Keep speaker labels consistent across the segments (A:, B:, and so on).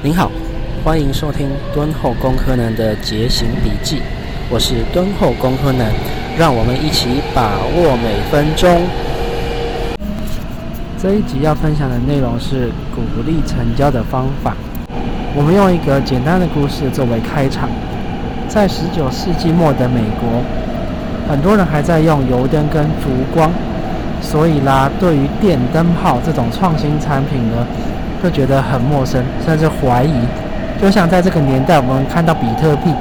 A: 您好，歡迎收聽敦厚工科男的節行筆記，我是敦厚工科男，讓我們一起把握每分鐘。這一集要分享的內容是鼓勵成交的方法。我們用一個簡單的故事作為開場。在十九世紀末的美國，很多人還在用油燈跟燭光，所以啦，對於電燈泡這種創新產品呢，就覺得很陌生，甚至懷疑。就像在這個年代，我們看到比特幣，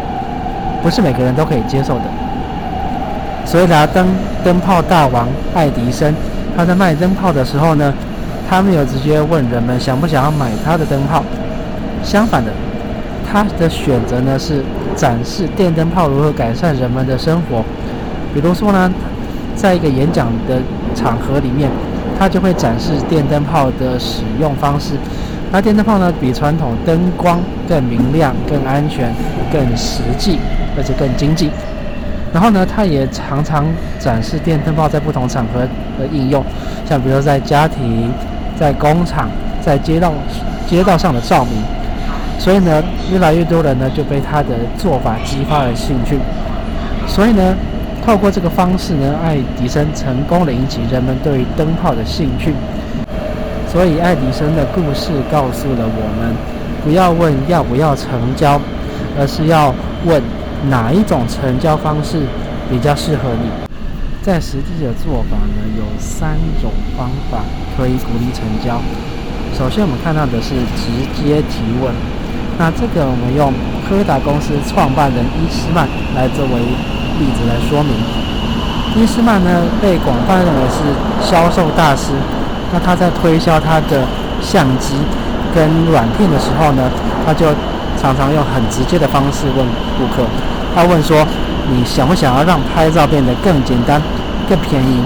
A: 不是每個人都可以接受的。所以，拿燈燈泡大王愛迪生，他在賣燈泡的時候呢，他沒有直接問人們想不想要買他的燈泡。相反的，他的選擇呢，是展示電燈泡如何改善人們的生活。比如說呢，在一個演講的場合裡面。他就會展示電燈泡的使用方式。那電燈泡呢，比傳統燈光更明亮、更安全、更實際，而且更經濟。然後呢，他也常常展示電燈泡在不同場合的應用，像比如在家庭、在工廠、在街道、街道上的照明。所以呢，越來越多人呢就被他的做法激發了興趣。所以呢。透過這個方式呢，愛迪生成功地引起人們對於燈泡的興趣。所以愛迪生的故事告訴了我們，不要問要不要成交，而是要問哪一種成交方式比較適合你。在實際的做法呢，有三種方法可以鼓勵成交。首先我們看到的是直接提問，那這個我們用。柯達公司創辦人伊斯曼來作為例子來說明。伊斯曼呢，被廣泛認為是銷售大師。那他在推銷他的相機跟軟片的時候呢，他就常常用很直接的方式問顧客。他問說：“你想不想要讓拍照變得更簡單、更便宜？”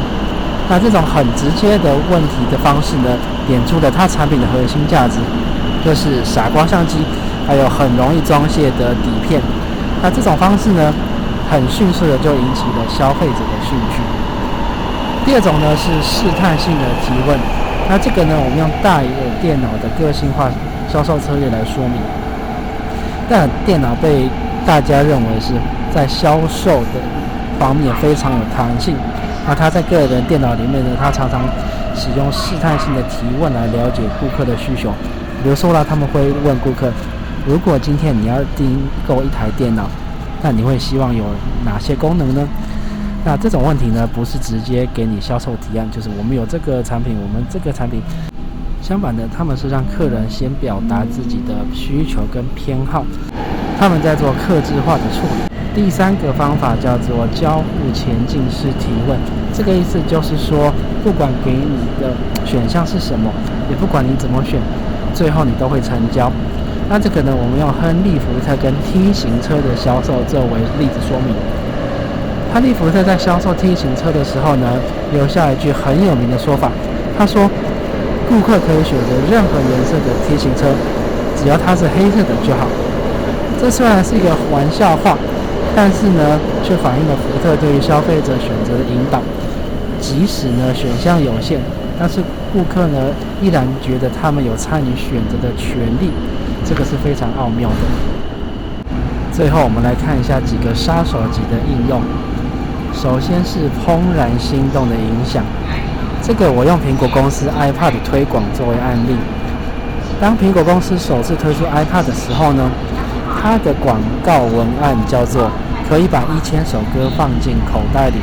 A: 那這種很直接的問題的方式呢，點出了他產品的核心價值，就是傻瓜相機。還有很容易裝卸的底片，那這種方式呢，很迅速的就引起了消費者的興趣。第二種呢是試探性的提問，那這個呢，我們用戴爾電腦的個性化銷售策略來說明。戴爾電腦被大家認為是在銷售的方面非常有彈性，那他在個人電腦裡面呢，他常常使用試探性的提問來了解顧客的需求。比如說呢，他們會問顧客，如果今天你要訂購一台電腦，那你會希望有哪些功能呢？那這種問題呢，不是直接給你銷售提案，就是我們有這個產品，我們這個產品。相反的，他們是讓客人先表達自己的需求跟偏好，他們在做客製化的處理。第三個方法叫做交替前進式提問，這個意思就是說，不管給你的選項是什麼，也不管你怎麼選，最後你都會成交。那這個呢，我們用亨利·福特跟 T 型車的銷售作為例子說明。亨利·福特在銷售 T 型車的時候呢，留下一句很有名的說法。他說：“顧客可以選擇任何顏色的 T 型車，只要它是黑色的就好。”這雖然是一個玩笑話，但是呢，卻反映了福特對於消費者選擇的引導。即使呢選項有限，但是顧客呢依然覺得他們有參與選擇的權利。這個是非常奧妙的。最後，我們來看一下幾個殺手級的應用。首先是怦然心動的影響。這個我用蘋果公司 iPod 推廣作為案例。當蘋果公司首次推出 iPod 的時候呢，它的廣告文案叫做“可以把一千首歌放進口袋裡”。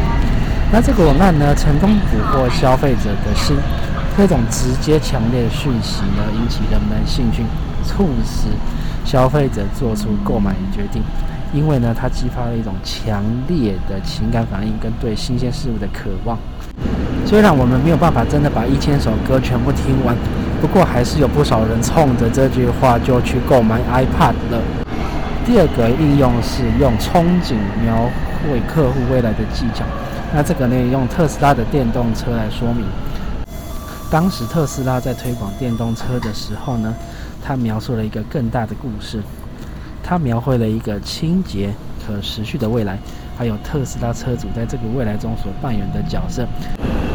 A: 那這個文案呢，成功捕獲消費者的心。這種直接強烈的訊息呢，引起人們的興趣，促使消費者做出購買決定。因為呢，它激發了一種強烈的情感反應跟對新鮮事物的渴望。雖然我們沒有辦法真的把一千首歌全部聽完，不過還是有不少人衝着這句話就去購買 iPod 了。第二個應用是用憧憬描繪客戶未來的技巧。那這個呢，用特斯拉的電動車來說明。當時特斯拉在推廣電動車的時候呢，他描述了一個更大的故事，他描繪了一個清潔、可持續的未來，還有特斯拉車主在這個未來中所扮演的角色。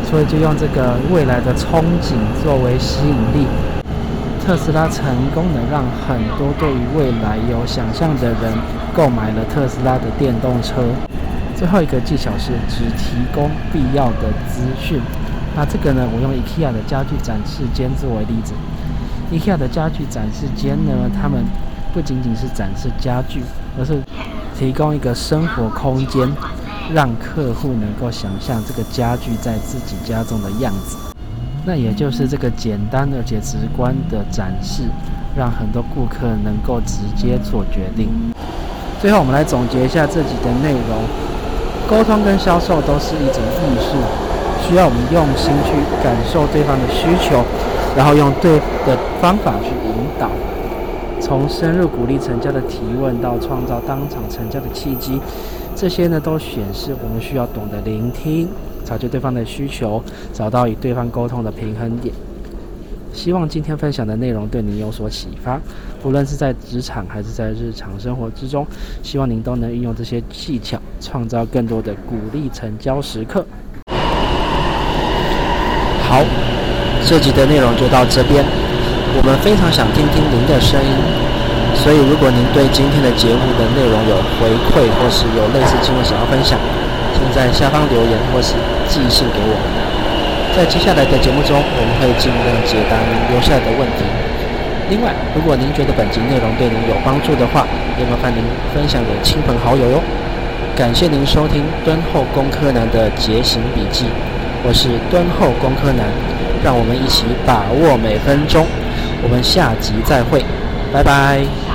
A: 所以，就用這個未來的憧憬作為吸引力，特斯拉成功的讓很多對於未來有想象的人購買了特斯拉的電動車。最後一個技巧是只提供必要的資訊。那這個呢？我用 IKEA 的家具展示間作為例子。IKEA 的家具展示間呢，他們不僅僅是展示家具，而是提供一個生活空間，讓客戶能夠想象這個家具在自己家中的樣子。那也就是這個簡單而且直觀的展示，讓很多顧客能夠直接做決定。最後，我們來總結一下這集的內容：溝通跟銷售都是一種藝術。需要我們用心去感受對方的需求，然後用對的方法去引導。從深入鼓勵成交的提問到創造當場成交的契機，這些呢都顯示我們需要懂得聆聽，察覺對方的需求，找到與對方溝通的平衡點。希望今天分享的內容對您有所啟發，無論是在職場還是在日常生活之中，希望您都能運用這些技巧，創造更多的鼓勵成交時刻。好，這集的內容就到這邊。我們非常想聽聽您的聲音，所以如果您對今天的節目的內容有回饋，或是有類似經歷想要分享，請在下方留言或是寄信給我。在接下來的節目中，我們會盡量解答您留下來的問題。另外，如果您覺得本集內容對您有幫助的話，也麻煩您分享給親朋好友喲。感謝您收聽敦厚工科男的節行筆記。我是敦厚工科男，讓我們一起把握每分鐘，我們下集再會，拜拜。